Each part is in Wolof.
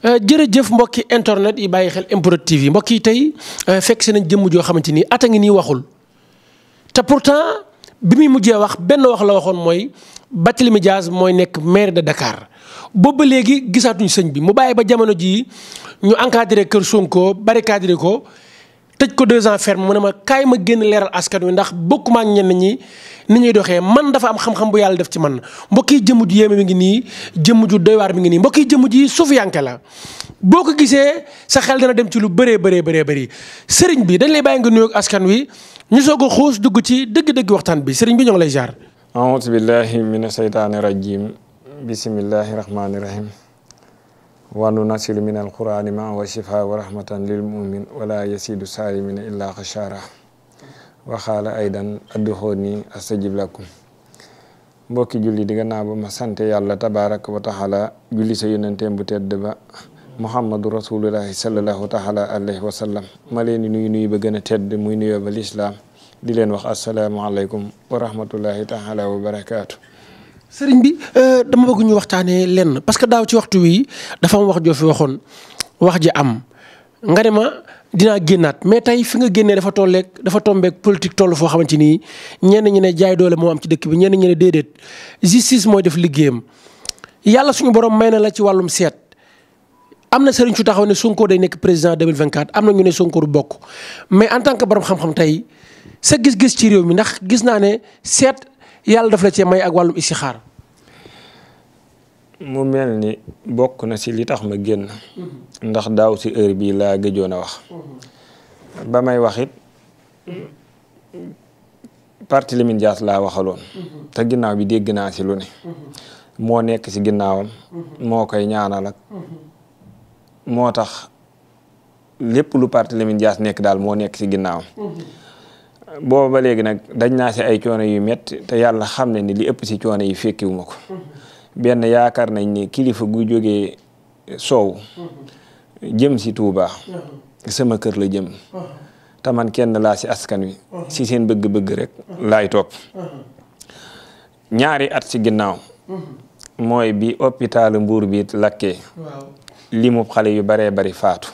Euh, jërëjëf mbokki internet yi bàyyi xel MPROD yi mbokk yi tey euh, fekk si nañ jëmm joo xamante ni a ngi nii waxul te pourtant bi muy mujjee wax benn wax la waxoon mooy Barthélémy Dias mooy nekk maire de Dakar boobu ba léegi gisaatuñu sëñ bi mu bàyyi ba jamono jii ñu encadré kër Sonko barricadré ko tëj ko deux ans ferme mu ne ma kaay ma génn leeral askan wi ndax bokkuma ak ñenn ñi ni ñuy doxee man dafa am xam-xam bu yàlla def ci man mbokk yi jëmm ju yéeme mi ngi nii jëmm ju doy waar mi ngi nii mbokk yi jëmm ji suufiyanke la. boo ko gisee sa xel dana dem ci lu bëree bëree bëree bëri sëriñ bi dañ lay bàyyi nga nuyoog askan wi ñu soog a xuus dugg ci dëgg-dëgg waxtaan bi sëriñ bi ñoo lay jaar. aouzu billahi mina shaytaani rajim bismillahi rahmaani rahim. wanu nasilu min alqurani ma wa shifa wa rahmatan lil mumin wala yasidu saalimina illa xashara waxaala aydan adduxooni astajib lakum mbokki julli di gannaaw ba ma sant yàlla tabaraka wa taala julli sa yonenteem bu tedd ba muhammadu rasulullahi salallahu taala alayhi ma leen di nuyu nuyu ba gën a muy nuyoo ba lislaam di leen wax asalaamualeykum wa rahmatullahi taala wa sëriñ bi euh, dama bëgg ñu waxtaanee lenn parce que daaw ci waxtu wi dafa am wax joo fi waxoon wax ji am nga ne ma dinaa génnaat mais tey fi nga génnee dafa tolleeg dafa tombeeg politique toll foo xamante ni ñenn ñi ne jaay doole moo am ci dëkk bi ñenn ñi ne déedéet justice mooy def liggéeyam yàlla suñu borom may na la ci wàllum seet. am na sëriñ su taxaw ne Sonko day nekk président 2024 am na ñu ne Sonko bokk mais en tant que borom xam-xam tey sa gis-gis ci réew mi ndax gis naa ne seet yàlla daf la cee may ak wàllum xaar mu mel ni bokk na ci li tax ma génn ndax daaw ci heure bii laa gëjoon a wax ba may wax it parti Lamine Diass laa waxaloon te ginnaaw bi dégg naa ci lu ne moo nekk ci ginnaawam moo koy ñaanalak moo tax lépp lu parti Lamine Diass nekk daal moo nekk ci ginnaawam booba léegi nag dañ naa si ay coono yu métti te yàlla xam ne ni li ëpp si coono yi fekkiwu ma ko benn yaakaar nañ ni kilifa gu jóge soow jëm si Touba sama kër la jëm te man kenn laa si askan wi si seen bëgg-bëgg rek laay topp ñaari at si ginnaaw mooy bi hôpital Mbour bi lakkee li xale yu baree bari faatu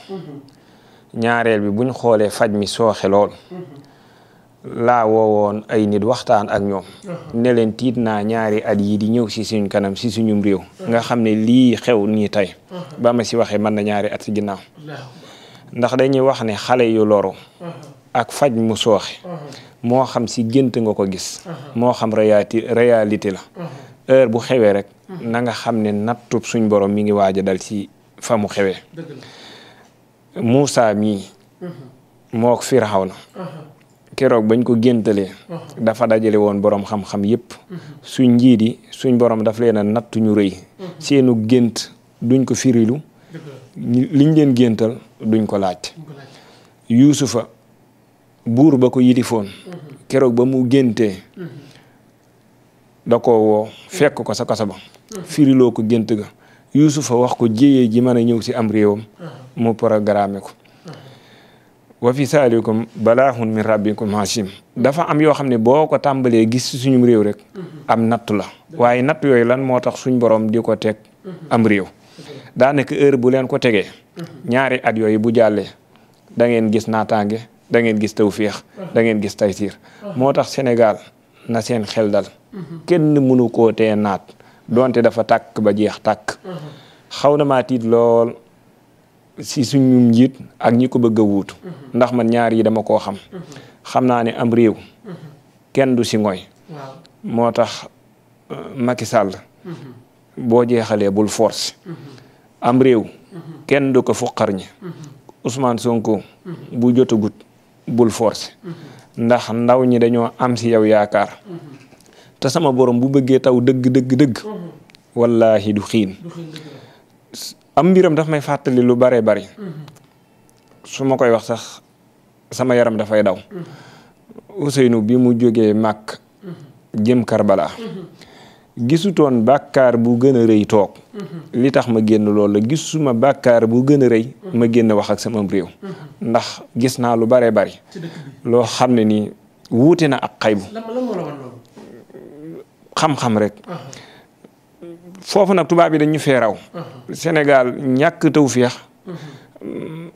ñaareel bi buñ xoolee faj mi sooxe lool laa woowoon ay nit waxtaan ak ñoom uh-huh. ne leen tiit naa ñaari at yii di ñëw si suñ kanam si suñum réew uh-huh. nga xam ne lii xew nii tey uh-huh. ba ma si waxee man na ñaari at si ginnaaw ndax dañuy wax ne xale yu loro ak faj mu sooxe moo xam si gént nga ko gis moo xam réati réalité la heure bu xewee rek na nga xam ne nattu suñ borom mi ngi waaj a dal si fa mu xewee Moussa mii mook na keroog bañ ko géntalee uh-huh. dafa dajale woon boroom xam-xam yépp uh-huh. suñ njiit yi suñ borom daf leen a nattu ñu rëy uh-huh. seenu gént duñ ko firilu liñ leen géntal duñ ko laaj yuusufa buur ba ko yilifoon keroog ba mu géntee da ko woo fekk ko sa kaso ba firiloo ko gént ga yuusufa wax ko jéyee ji man a ñëw si am réewam mu programme ko wa fi saalikum balaaxun min rabbikum hashim dafa am yoo xam ne boo ko tàmbalee gis ci suñu réew rek mm-hmm. am natt la waaye natt yooyu lan moo tax suñ boroom di ko teg mm-hmm. am réew daanaka heure bu leen ko tegee mm-hmm. ñaari at yooyu bu jàllee da ngeen gis naataange da ngeen gis tawféex da ngeen gis taysiir moo tax Sénégal na seen xel dal kenn mënu koo tee naat donte dafa tàkk ba jeex tàkk xaw na maa tiit lool si suñu njiit ak ñi ko bëgg a wuutu ndax man ñaar yi dama koo xam xam naa ne am réew kenn du si ngoy moo tax euh, Macky Sall boo jeexalee bul force am réew kenn du ko fuqar ñi Ousmane Sonko bu jotagut bul force ndax ndaw ñi dañoo am si yow yaakaar te sama borom bu bëggee taw dëgg dëgg dëgg mm-hmm. du xiin am mbiram daf may fàttali lu baree bari su ma koy wax sax sama yaram dafay daw Ousseynou bi mu jógee màkk jëm Karbala gisutoon bàkkaar bu gën a rëy toog li tax ma génn loolu la gisuma bàkkaar bu gën a rëy ma génn wax ak sama réew ndax gis naa lu baree bari loo xam ne nii wuute na ak xaybu xam-xam rek uh-huh. foofu nag tubaab yi dañ ñu fee raw. Sénégal ñàkk tawféex.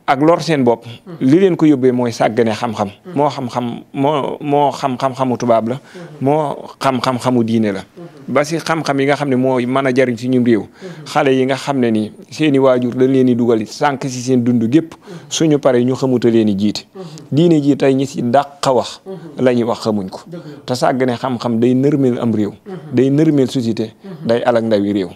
ak lor seen bopp. li leen ko yóbbee mooy sàggane xam-xam. moo xam-xam moo moo xam-xam-xamu tubaab la. moo xam-xam-xamu diine la. ba si xam-xam yi nga xam ne mooy mën a jariñ suñu réew xale yi nga xam ne ni seen waajur dañ leen di dugal sànq si seen dund gépp suñu pare ñu xamuta leen jiit jiite diine ji tey ñu si dàq wax lañuy wax xamuñ ko te sàgg ne xam-xam day nërmeel am réew day nërmeel société day alak ndawi réew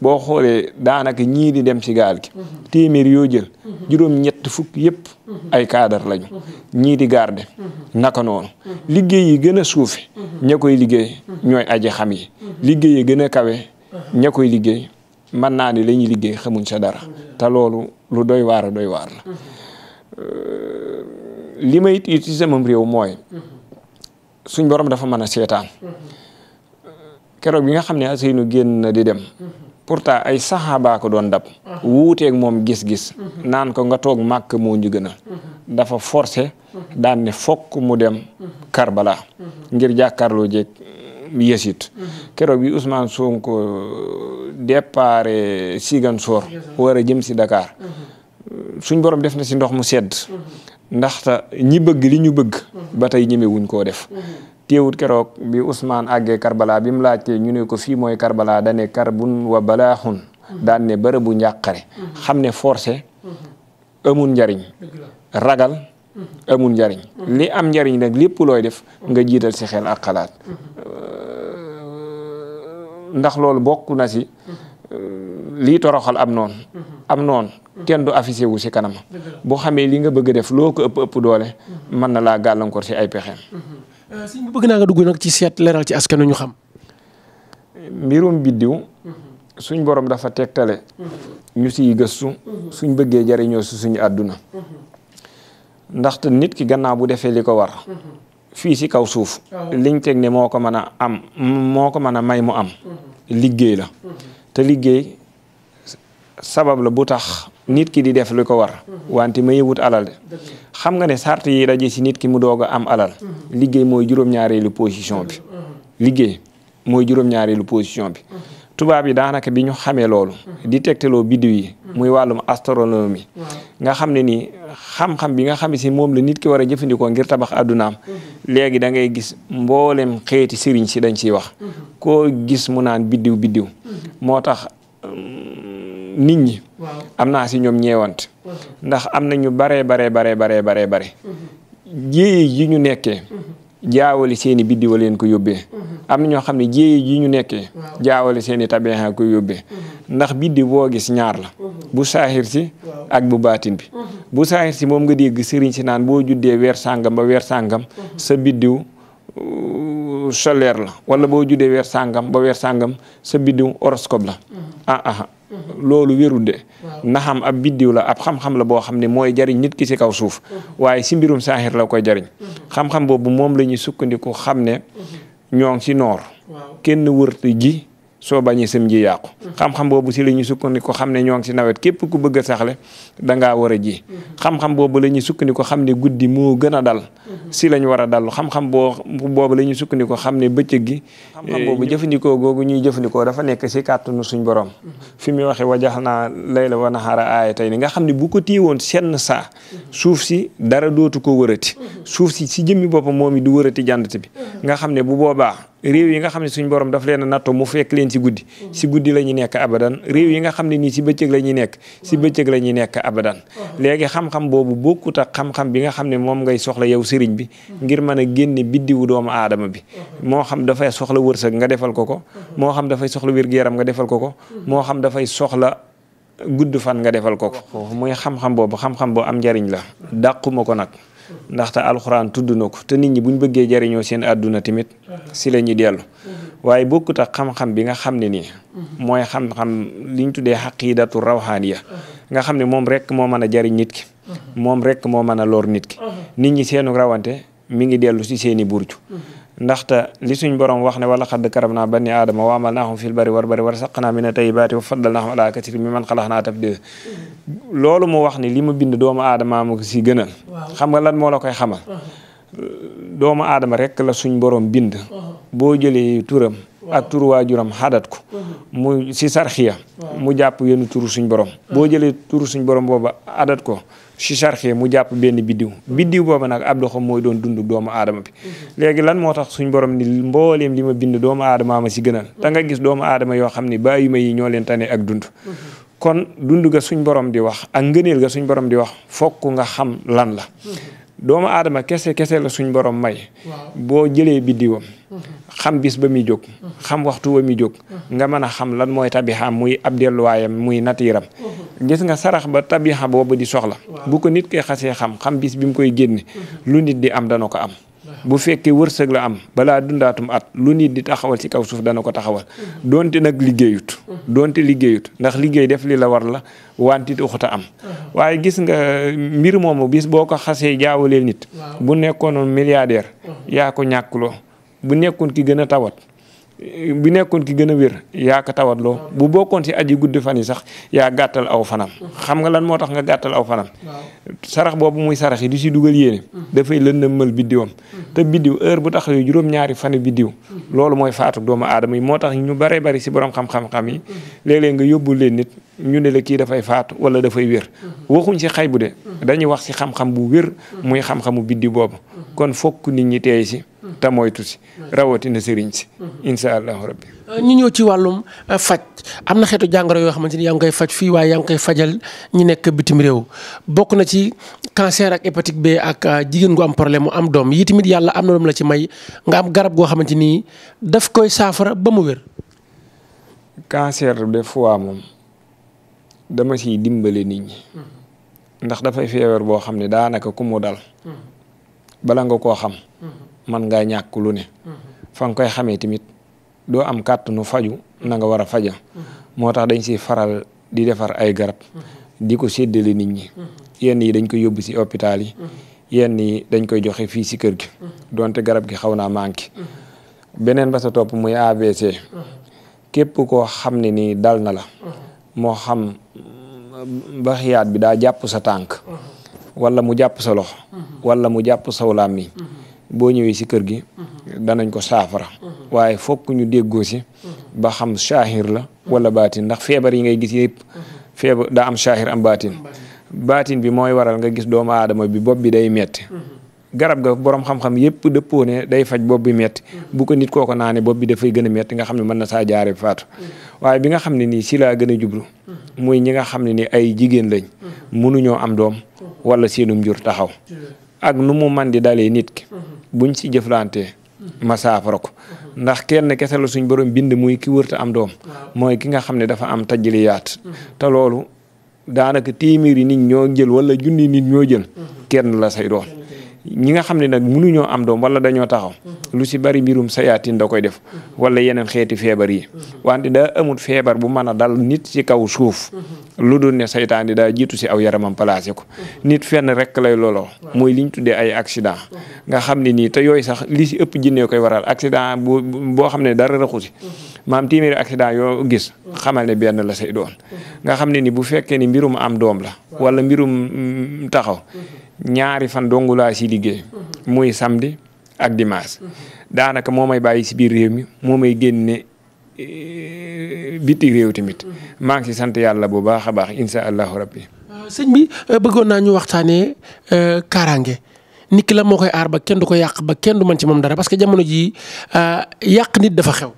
boo xoolee daanaka ñii di dem si gaal gi téeméer yoo jël juróom ñett fukk yëpp ay cadre lañu ñii di garde naka noonu liggéey yi gën a suuf ña koy liggéey ñooy aji xam yi liggéey yi gën a kawe ña koy liggéey mën naa ni lañuy liggéey xamuñ sa dara te loolu lu doy waar doy waar la li may it ci sama réew mooy suñ boroom dafa mën a seetaan keroog bi nga xam ne Ousseynou génn di dem pourta ay saxaabaa ko doon dab uh-huh. wuuteeg moom gis-gis uh-huh. naan ko nga toog màkk moo ñu gënal uh-huh. dafa forcé daan fokk mu dem Karbala ngir jàkkaarloo jeeg mm, yësit keroog bi Ousmane Sonko euh, départ euh, Ziguinchor war a jëm si Dakar suñ borom def na si ndox mu sedd ndaxte ñi bëgg li ñu bëgg ba tey ñemewuñ def téewut keroog bi Ousmane àggee Karbala bi mu laajtee ñu ne ko fii mooy Karbala dane karbun wa balaaxun daan ne bërëb bu njàqare xam ne forcé amul njariñ ragal amul njariñ li am njariñ nag lépp looy def nga jiital si xel ak xalaat ndax loolu bokk na si lii toroxal am noonu am noonu kenn du affiché wu si kanam boo xamee li nga bëgg def loo ko ëpp ëpp doole mën na laa gàllankoor si ay pexeem Euh, sëñ bi bëgg naa nga dugg nag ci seet leeral ci askan ñu xam. mbirum biddiw. Mhm. suñ borom dafa tegtale. Mhm. ñu siy gëstu. Mhm. suñ bëggee jariñoo si suñu àdduna. ndaxte nit ki gannaaw bu defee li ko war. fii si kaw suuf. liñ teg ne moo ko mën a am moo ko mën a may mu am. liggéey la. te liggéey sabab la bu tax nit ki di def li ko war wante may wut alal de xam nga ne sart yi daje si nit ki mu doog a am alal liggéey mooy juróom-ñaareelu position bi liggéey mooy juróom position bi tubaab yi daanaka bi ñu xamee loolu di tegtaloo biddiw yi muy wàllum astronomie nga xam ne ni xam-xam bi nga xam ne si moom la nit ki war a jëfandikoo ngir tabax addunaam léegi da ngay gis mboolem xeeti sëriñ si dañ siy wax ko gis mu naan biddiw biddiw moo tax mm, nit ñi am naa si ñoom ñeewant ndax am na ñu baree baree baree baree baree bare jéeye ji ñu nekkee jaawale seen i biddiwa leen ko yóbbee am na ñoo xam ne jéeye ji ñu nekkee jaawale seen i tabeexa ko yóbbee ndax biddi boo gis ñaar la bu saaxir si ak bu baatin bi bu saaxir si moom nga dégg sëriñ si naan boo juddee weer sàngam ba weer sàngam sa biddiw euh, solaire la wala boo juddee weer sàngam ba weer sàngam sa biddiw horoscope la loolu wérul de naxam a biddiw la ab xam-xam la boo xam ne mooy jariñ nit ki si kaw suuf mhm. waaye si mbirum saaxir la koy jariñ mhm. xam-xam boobu moom lañuy ñuy xam ne mhm. ñoo ngi si noor kenn wërte ji soo bañee sam ji yàqu mm-hmm. xam-xam boobu si la ñuy sukkandiku xam ne ñoo ngi si nawet képp ku bëgg a saxle dangaa war a ji mm-hmm. xam boobu la ñuy sukkandiku xam ne guddi moo gën a dal mm-hmm. si lañu war a dallu xam-xam boo boobu la ñuy sukkandiku xam ne bëccëg gi xam eh, jëfandikoo googu ñuy jëfandikoo dafa nekk si kàttanu suñ borom fi mu waxee wajax naa layla wa nahaara aaya tey ni nga xam ne bu ko téewoon senn saa suuf si dara dootu ko wërati suuf si si jëmmi boppam moom du wërati jàndate bi nga xam ne bu boobaa réew yi nga xam ne suñu borom daf leen a natto mu fekk leen si guddi si guddi la ñuy nekk abadan réew yi nga xam ne nii si bëccëg la ñuy nekk si bëccëg la ñuy nekk abadan léegi xam-xam boobu bokkut ak xam-xam bi nga xam ne moom ngay soxla yow sëriñ bi hmm. ngir mën a génne biddiwu doomu aadama bi hmm. moo xam dafay soxla wërsëg nga defal ko ko hmm. moo xam dafay soxla wér yaram nga defal ko ko moo xam dafay soxla gudd fan nga defal ko ko muy xam-xam boobu xam boo am njariñ la dàquma ko nag ndaxte alxuraan tudd na ko te nit ñi buñ bëggee jariñoo seen àdduna tamit si la ñuy dellu waaye bokkut ak xam-xam bi nga xam ne nii mooy xam-xam liñ tuddee xaqiidatu rawxaaniya nga xam ne moom rek moo mën a jariñ nit ki moom rek moo mën a loor nit ki nit ñi seenu rawante mi ngi dellu si seeni burju ndaxte li suñ borom wax ne wala xadd karab na banni aadama wa amal naahum fil bari war bari war saq naa mina tayyibaati te faddal naahum ala kasiri mi man xalax naa tabdil loolu mu wax ni li mu bind doomu aadama mu si gënal xam nga lan moo la koy xamal doomu aadama rek la suñ borom bind boo jëlee turam ak tur waajuram xadat ko mu si sarxiya mu jàpp yenn tur suñ borom boo jëlee turu suñ borom booba adat ko si charxee mu jàpp benn biddiw biddiw booba nag ab doxam mooy doon dund doomu aadama bi mhm. léegi lan moo tax suñ borom ni mbooleem li ma bind doomu aadama ma si gënal te mhm. nga gis doomu aadama yoo xam ni bàyyi ma yi ñoo tane ak dund mhm. kon dund ga suñ borom di wax ak ngëneel ga suñ borom di wax fokk nga xam lan la doomu aadama kese kese la suñ borom may boo jëlee biddiwam xam bis ba muy jóg xam waxtu ba muy nga mën a xam lan mooy tabixaam muy ab delluwaayam muy natiiram gis nga sarax ba tabixa boobu di soxla bu ko nit koy xasee xam xam bis bi mu koy génne lu nit di am dana ko am bu fekkee wërsëg la am balaa dundaatum at lu nit di taxawal ci kaw suuf dana ko taxawal mhm. donte nag liggéeyut mhm. donte liggéeyut ndax liggéey def li la war la wantit uxuta am mhm. waaye gis nga mbir moomu bis boo ko xasee jaawaleel nit bu nekkoon milliardaire yaa ko ñàkkuloo bu nekkoon ki gën a tawat bu nekkoon ki gën a wér yaa ko tawatloo ah. bu bokkoon si aji guddi fan yi sax yaa gàttal aw fanam ah. xam nga lan moo tax nga gàttal aw fanam sarax boobu muy sarax yi di si dugal yéene ah. dafay lëndëmal biddiwam te biddiw heure bu tax yooyu juróom-ñaari fanu biddiw loolu mooy faatu doomu aadama yi moo tax ñu bare bari si boroom xam xam yi léeg nga yóbbul leen nit ñu ne la kii dafay faatu wala dafay wér waxuñ si xay bu de dañuy wax si xam-xam bu wér muy xam-xamu boobu kon fokk nit ñi teey si te moytu si rawatina sëriñ si mhm. incha allahu rabbi euh, ñu ñëw ci wàllum euh, faj am na xeetu jàngaro yoo xamante ni yaa ngi koy faj fii waaye yaa ngi koy fajal ñu nekk bitim réew bokk na ci cancer ak hépatique B ak euh, jigéen gu am problème mu am doom yi tamit yàlla am na doom la ci may nga am garab goo xamante ni daf koy saafara ba mu wér. cancer de foie moom dama siy dimbale nit ñi mhm. ndax dafay feebar boo xam ne daanaka ku dal. Mhm. bala nga koo xam mhm. man ngaa ñàkk lu ne mhm. fa nga koy xamee tamit doo am kàttanu faju nanga nga war a faja mhm. moo tax dañ si faral di defar ay garab di ko séddale nit ñi yi dañ koy yóbbu si hôpital yi yenn yi dañ koy joxe fii si kër gi donte garab gi xaw naa manqué beneen ba sa topp muy ABC képp koo xam ne nii dal na la moo xam mm, baxiyaat bi daa jàpp sa tànk wala mu jàpp sa loxo mhm. wala mu jàpp saw làmmiñ mhm. boo ñëwee si kër gi mhm. danañ ko saafara waaye fokk ñu déggoo si ba xam shaahir la wala baatin ndax feebar yi ngay gis yëpp feebar daa am shaahir am baatin baatin bi mooy waral nga gis doomu aadama bi bopp bi day metti garab ga borom xam yëpp dëppoo ne day faj bopp bi metti bu nit kooko naane bopp bi dafay gën a metti nga xam ne mën na saa jaare faatu waaye bi nga xam ne nii si laa gën a jublu muy ñi nga xam ne ni ay jigéen lañ mënuñoo am doom wala seenum njur taxaw ak nu mu man di dalee nit ki buñ si jëflantee ma saafara ko ndax kenn kese la suñ borom bind muy ki wërta am doom mooy ki nga xam ne dafa am tajliyaat te loolu daanaka téeméeri nit ñoo jël wala junni nit ñoo jël mm-hmm. kenn la say doon ñi nga xam ne nag mënuñoo am doom wala dañoo taxaw mhm. lu si bari mbirum sayaatin da koy def mhm. wala yeneen xeeti feebar yi mhm. wante daa amul feebar bu mën a dal nit si kaw suuf lu dul ne saytaan di daa jiitu si aw yaramam placé ko nit fenn rek lay looloo mooy liñ tuddee ay accident nga xam ne nii te yooyu sax li si ëpp jinne koy waral accident boo xam ne dara raxu si maam téeméeri accident yoo gis xamal ne benn la say doon nga xam ne ni bu fekkee ni mbirum am doom la wala mbirum mm, taxaw ñaari fan dong laa si liggéey. muy samedi ak dimanche. daanaka moo may bàyyi si biir réew mi moom may génne eh, biti réew tamit. maa ngi si sant yàlla bu baax a baax incha allahu rabbi. Euh, sëñ bi euh, bëggoon naa ñu waxtaanee euh, kaaraange nit ki la moo koy aar ba kenn du ko yàq ba kenn du mën ci moom dara parce que jamono ji yàq nit dafa xew.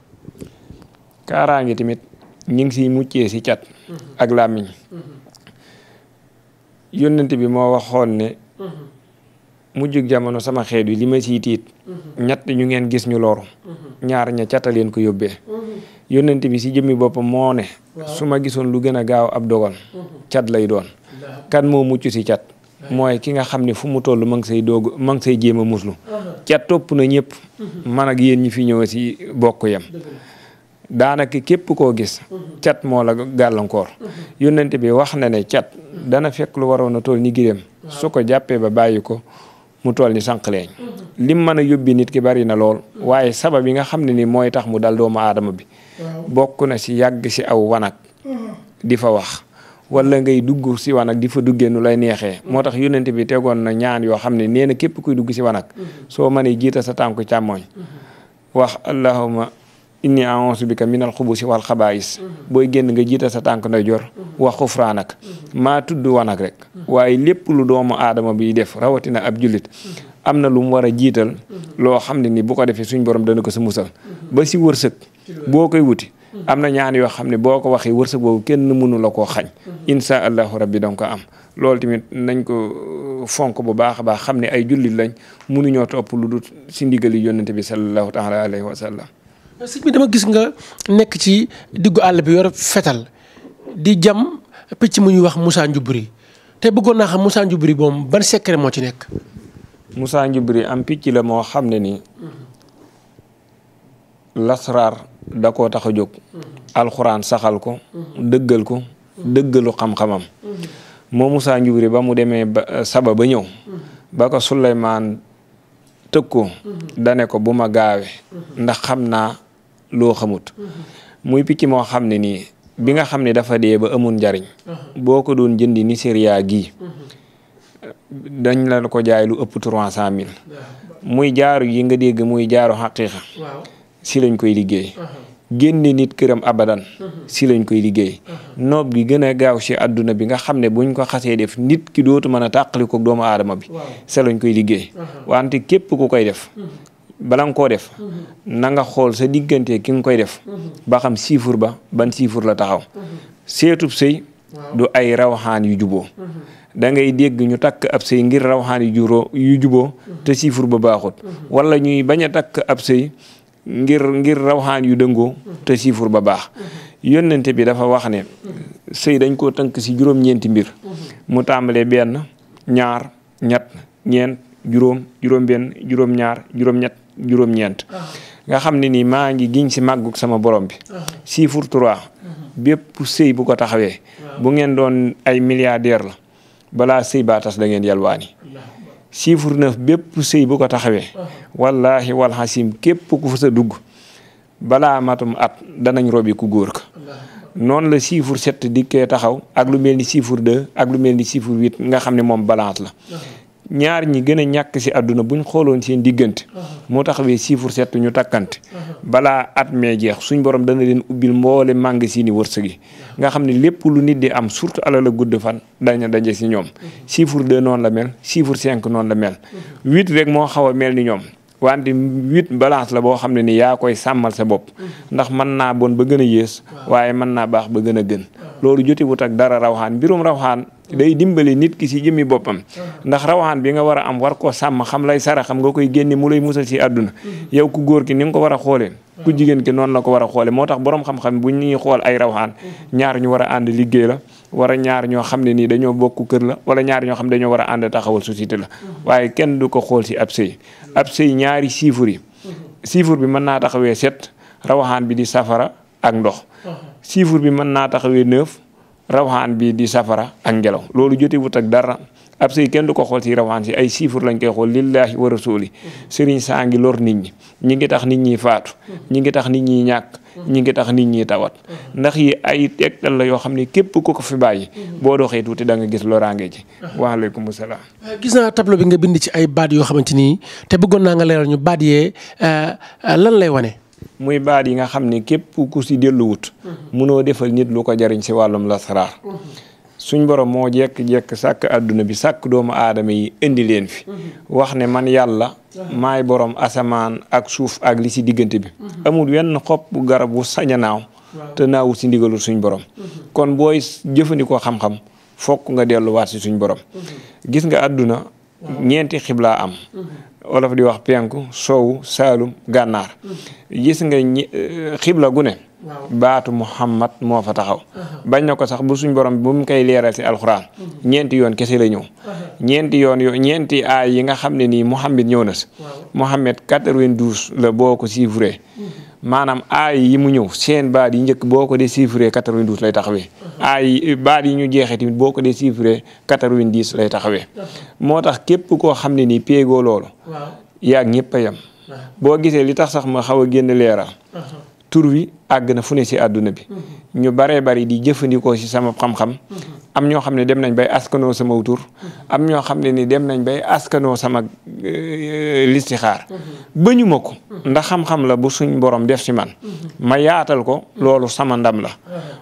kaaraange tamit ñu ngi muccee si cat. ak làmmiñ mhm. yónnent bi moo waxoon ne. mujjug jamono sama xeet wi li ma siy tiit ñett ñu ngeen gis ñu looru ñaar ña cata ko yóbbee yónnent bi si jëmmi boppam moo ne su ma gisoon lu gën a gaaw ab dogal cat lay doon kan moo mucc si cat mooy ki nga xam ne fu mu toll ma ngi say doog ma say jéem a muslu cat topp na ñëpp man ak yéen ñi fi ñëw si bokk yam daanaka képp koo gis cat moo la gàllankoor yónnent bi wax na ne cat dana fekk lu waroon a toll ni giréem su ko jàppee ba bàyyi ko mu tool ñi sànqleeñ lim mën a yóbbi nit ki bari na lool waaye sabab yi nga xam ne ni mooy tax mu dal doomu aadama bi bokk na si yàgg si aw wanag uh-huh. di fa wax wala ngay dugg si wanag di fa duggee nu lay neexee uh-huh. moo tax yónnent bi tegoon na ñaan yoo xam ne nee na képp kuy dugg si wanag uh-huh. soo mënee jiita sa tànku càmmooñ wax allahuma inni a'uuzu bika minal xubusi wal xabaayis mhm. booy génn nga jiital sa tànk ndeyjoor mhm. wax xufraanak mhm. maa tudd wanak rek waaye lépp lu doomu aadama bi def rawatina ab jullit am na lu mu war a jiital loo xam ne ni bu ko defee suñ borom dana ko sa musal ba si wërsëg boo koy wuti am na ñaan yoo xam ne boo ko waxee wërsëg boobu kenn mënu la koo xañ insha allahu rabbi danga ko am loolu tamit nañ ko uh, fonk bu baax a baax xam ne ay jullit lañ mënuñoo topp lu dul si ndigali yonente bi sallallahu taala alayhi wa sallam sëñ bi dama gis nga nekk ci diggu àll bi yor fetal di jam picc mu ñuy wax Moussa Ndioubri te bëggoon naa xam Moussa Ndioubri moom ban sekkee moo ci nekk. Moussa Ndioubri am picc la moo xam ne nii. lasraar da koo tax a jóg. Mm-hmm. alxuraan saxal ko. Mm-hmm. dëggal ko mm-hmm. dëggalu xam-xamam. moo Moussa Ndioubri ba mu demee ba eh, saba ba ñëw. ba ko Souleymane tëg ko. dane ko bu ma gaawee. ndax xam naa. loo xamut muy picc moo xam ne nii bi nga xam ne dafa dee ba amul njariñ boo ko doon jëndi ni séria gii dañ la ko jaay lu ëpp trois cent mille muy jaaru yi nga dégg muy jaaro xaqiiqa si lañ koy liggéey génne nit këram abadan si lañ koy liggéey noob gi gën a gaaw si adduna bi nga xam ne buñ ko xasee def nit ki dootu mën a tàqali ko doomu aadama bi si lañ koy liggéey wante képp ku koy def bala nga koo def mhm. na nga xool sa diggante ki nga koy def mhm. ba xam siifur ba ban siifur la taxaw mhm. seetub sëy du ay rawxaan yu juboo da ngay dégg ñu takk ab sëy ngir rawxaan yu juróo yu juboo te siifur ba baaxut bañ a takk ab sëy ngir ngir rawxaan yu dëngoo te siifur ba baax yónnente bi dafa wax ne sëy dañ ko tënk si juróom-ñeenti mbir mu tàmbalee benn ñaar ñett ñeent juróom juróom benn juróom ñaar juróom ñett juróom-ñeent. Ah. nga xam ne nii maa ngi giñ si màggug sama borom bi. Ah. chiffre trois. Mhm. bépp sëy bu ko taxawee. bu ngeen doon ay milliardaire la balaa sëy baa tas da ngeen yalwaani. chiffre neuf bépp sëy bu ko taxawee. Ah. wallaahi wal képp ku fa sa dugg. balaa matum at danañ robi ku góor ko. noonu la chiffre sept dikkee taxaw ak lu mel ni chiffre deux ak lu mel ni chiffre huit nga xam ne moom balance la. ñaar ñi gën a ñàkk si àdduna buñ xooloon seen diggante uh-huh. moo tax wee siifur sett ñu takkante uh-huh. balaa at mee jeex suñ borom dana leen ubbil mboole màng si ni wërsëg yi uh-huh. nga xam ne lépp lu nit di am surtout alal a gudd fan daña daje si ñoom siifur de noonu la mel siifur cinq noon la mel huit rek moo xaw a mel ni ñoom wante huit balance la boo xam ne ni yaa koy sàmmal sa bopp ndax mën naa bon ba gën a yées waaye mën naa baax ba gën a gën loolu jotewut ak dara rawxaan mbirum rawxaan day dimbali nit ki si jëmmi boppam ndax rawxaan bi nga war a am war koo sàmm xam lay sara xam nga koy génne mu lay musal si adduna yow ku góor ki ni nga ko war a xoolee ku jigéen ki noon la ko war a xoole moo tax borom xam-xam bu ñuy xool ay rawxaan ñaar ñu war a ànd liggéey la wala ñaar ñoo xam ne nii dañoo bokk kër la wala ñaar ñoo xam ne dañoo war a ànd taxawal société la waaye kenn du ko xool si ab sëy ab sëy ñaari siifur yi siifur bi mën naa taxawee set rawaxaan bi di safara ak ndox chiffre bi mën naa taxawee neuf rawaan bi di safara ak ngelaw loolu jotewut ak dara ab sëy kenn du ko xool si rawaan si ay chiffre lañ koy xool lillahi wa rasuli mm-hmm. sëriñ saa ngi lor nit ñi ñi ngi tax nit ñi faatu mm-hmm. ñi ngi tax nit ñi ñàkk mm-hmm. ñi ngi tax nit ñi tawat ndax yi ay tegtal la yoo xam ne képp ku ko fi bàyyi boo doxee tuuti da nga gis loraange ji waaleykum salaam euh, gis naa tableau bi nga bind ci ay baat yoo xamante nii te bëggoon naa nga leeral ñu baat yee euh, euh, lan lay wane muy baat yi nga xam ne képp ku si delluwut mhm. munoo defal nit lu ko jariñ si wàllum lasaraar mhm. suñ borom moo jekk-jekk sàkk àdduna bi sàkk doomu aadama yi indi leen fi mhm. wax ne man yàlla maay borom asamaan ak suuf ak li si diggante bi amul wenn xob garab wu sañ a naaw te naawut si ndigalu suñ borom kon booy jëfandikoo xam-xam fokk nga delluwaat si suñ borom gis nga àdduna ñeenti xiblaa am olof di wax penku soowu salum gànnaar gis nga ñi eh, xibla gu ne baatu muhammad moo fa taxaw bañ na ko sax bu suñ borom bu mu koy leeral si alxuraan ñeenti yoon kese la ñëw ñeenti yoon yo ñeenti aay yi nga xam ne nii muhammad ñëw na si muhammad quatre-vingt-douze la boo ko siifuree maanaam aay yi mu ñëw seen baat yi njëkk boo ko dee chiffré 92 lay taxawee. aay euh, baat yi ñu jeexee tamit boo ko dee chiffré 90 lay taxawee. moo tax képp koo xam ne nii péegoo loolu. waaw yaa ñëpp a yem. boo gisee li tax sax ma xaw a génn leeral. Uh-huh. tur àgg na fu ne si adduna bi mhm. ñu baree bari di jëfandikoo si sama xam-xam mhm. am ñoo xam ne dem nañ bay askanoo sama wutur mhm. am ñoo xam ne ni dem nañ bay askanoo sama euh, listixaar bañu ma ko ndax xam-xam la bu suñ borom def si man ma yaatal ko loolu sama ndam la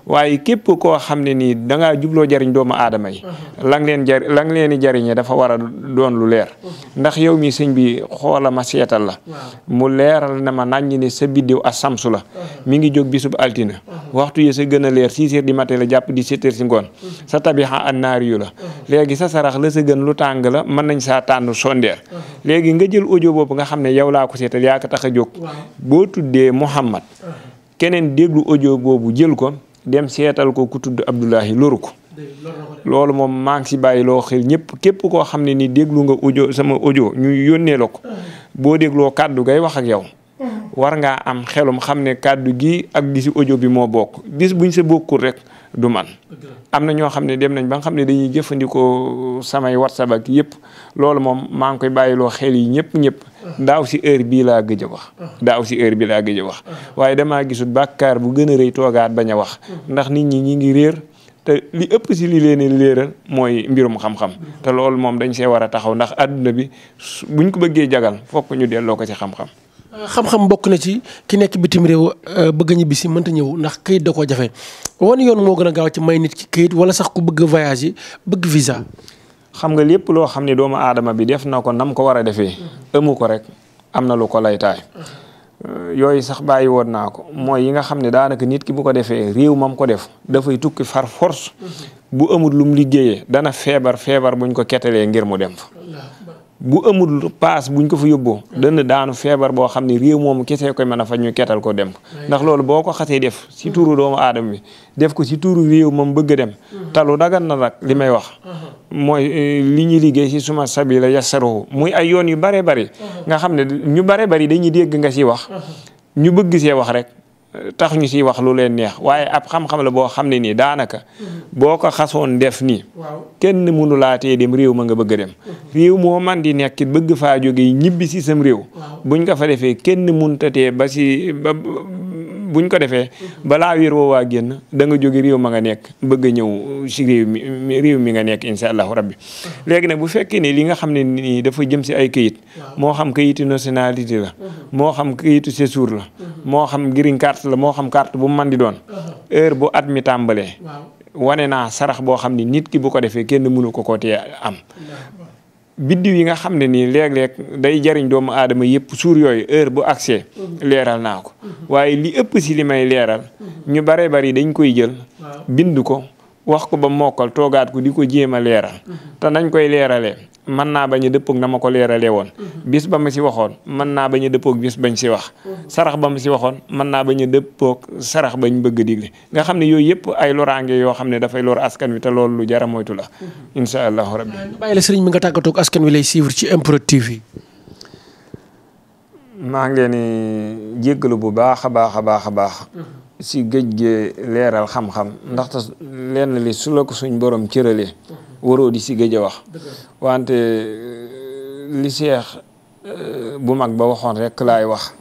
waaye képp koo xam ne nii dangaa jubloo jariñ doomu aadama yi la nga leen jar la leen di jariñe dafa war a doon lu leer ndax yow mi suñ bi xoola ma seetal la mu leeral na ma nañ ni sa biddiw a samsu la mi ngi jóg bisub altina waxtu yi sa gën a leer six di du la jàpp di sept heures si ngoon sa tabixa an naar la léegi sa sarax la sa gën lu tàng la mën nañ saa tànn sondeer léegi nga jël audio boobu nga xam ne yow laa ko seetal yaa ko tax a jóg boo tuddee Muhammad keneen déglu audio boobu jël ko dem seetal ko ku tudd Abdoulahi loru ko loolu moom maa ngi si bàyyi loo xel ñëpp képp koo xam ne ni déglu nga audio sama audio ñu yónnee la ko boo dégloo kàddu gay wax ak yow Mm-hmm. war ngaa am xelum xam ne kàddu gi ak gisi ojo bi moo bokk bis buñ sa bokkul rek du man am na ñoo xam ne dem nañ ba nga xam ne dañuy jëfandikoo samay whatsapp ak yëpp loolu moom maa ngi koy bàyyiloo xel yi ñëpp ñëpp mm-hmm. daaw si heure bii laa gëj a wax mm-hmm. daaw si heure bii laa gëj wax waaye damaa gisul bàkkaar bu gën a rëy toogaat bañ a wax ndax nit ñi ñi ngi réer te li ëpp si li leen léeral mooy mbirum xam-xam te loolu moom dañ see war a taxaw ndax àdduna bi buñ ko bëggee jagal fokk ñu delloo ko si xam-xam xam-xam bokk na ci ki nekk bitim réew euh, bëgg a ñibbisi mënta ñëw ndax kayit da koo jafe wan yoon moo gën a gaaw ci may nit ki kayit wala sax ku bëgg voyage yi bëgg visa. xam nga lépp loo xam ne doomu aadama bi def na ko nam ko war a defee. ëmu ko rek am na lu ko lay euh, yooyu sax bàyyi woon naa ko mooy yi nga xam ne daanaka nit ki bu ko defee réew mam ko def dafay tukki far force. Mhm. bu amul lum liggéeye dana feebar feebar buñ ko kettalee ngir mu dem bu amul paas buñ ko fa yóbboo hmm. dana daanu feebar boo xam ne réew moomu kesee koy mën a fa ñu ketal ko dem ndax loolu boo ko xasee def si hmm. tuuru doomu aadama bi def ko si tuuru réew moom bëgg dem hmm. talu dagan na nag li may wax mooy eh, li ñuy liggéey si suma sabi la yasaruhu muy ay yoon yu bare bari nga xam ne ñu bare bari dañuy dégg nga si wax ñu bëgg see wax rek tax ñu siy wax lu leen neex waaye ab xam-xam la boo xam ne nii daanaka boo ko xasoon ni nii kenn mënu laatee dem réew ma nga bëgg a dem réew moo man di nekk bëgg faa jóge ñibbi si sam réew buñ ko fa defee kenn mëntatee ba si buñ ko defee balaa wér waa génn da nga jóge réew ma nga nekk bëgg a ñëw si réew mi réew mi nga nekk incha allahu rabbi léegi nag bu fekkee ne li nga xam ne nii dafa jëm si ay kayit moo xam kayitu nationalité la moo xam kayitu séjour la moo xam green carte la moo xam carte bu man di doon heure bu at mi tàmbalee wane naa sarax boo xam ni nit ki bu ko defee kenn mënu ko koo tee am biddiw yi nga xam ne nii léeg-léeg day jariñ doomu aadama yëpp suur yooyu heure bu accès mhm. leeral naa ko mhm. waaye li ëpp si li may leeral mhm. ñu bare bari dañ koy jël bind ko wax ko ba mokkal toogaat ko di ko jéem a leeral te nañ koy leeralee mën naa bañ a dëppoog na ma ko leeralee woon mhm. bis ba ma si waxoon mën naa bañ a dëppoog bis bañ si wax mhm. sarax ba ma si waxoon mën naa bañ a dëppoog sarax bañ bëgg digle nga xam ne yooyu yëpp ay loraange yoo xam ne dafay lor askan wi te loolu lu jara moytu la mhm. insha allahu rabbi bàyyi la sëriñ bi nga tàggatoog askan wi lay suivre ci MPROD TV maa ngi leen di bu baax a baax a baax a baax si géej gi leeral xam-xam ndaxte lenn li su la ko suñ borom cëralee waroo di si géej a wax wante euh, li euh, bu mag ba waxoon rek laay wax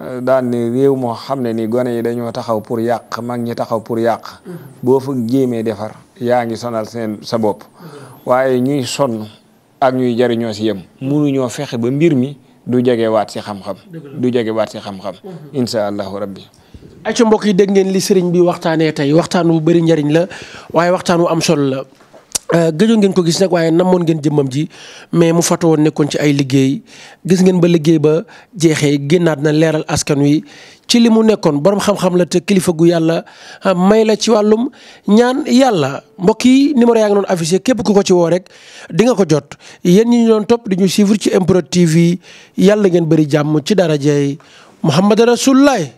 euh, daan ni réew moo xam ne ni gone yi dañoo taxaw pour yàq mag ñi taxaw pour yàq boo fa jéemee defar yaa ngi sonal seen sa bopp waaye ñuy sonn ak ñuy jariñoo si yem mënuñoo fexe ba mbir mi du jege waat si xam-xam du jege waat si xam-xam incha allahu rabbi ay ci mbokk yi ngeen li sëriñ bi waxtaanee tey waxtaan wu bëri njariñ la waaye waxtaan wu am solo la Euh, gëjoon ngeen ko gis nag waaye namoon ngeen jëmmam ji mais mu fatoo nekkoon ci ay liggéey gis ngeen ba liggéey ba jeexee génnaat na leeral askan wi ci li mu nekkoon borom xam-xam la te kilifa gu yàlla ah, may la ci wàllum ñaan yàlla mbokk yi numéro yaa ngi doon képp ku ko ci woo rek di nga ko jot yéen ñi ñu topp di ñu suivre ci improtive yi yàlla ngeen bëri jàmm ci dara jeey Muhammad Rasulullah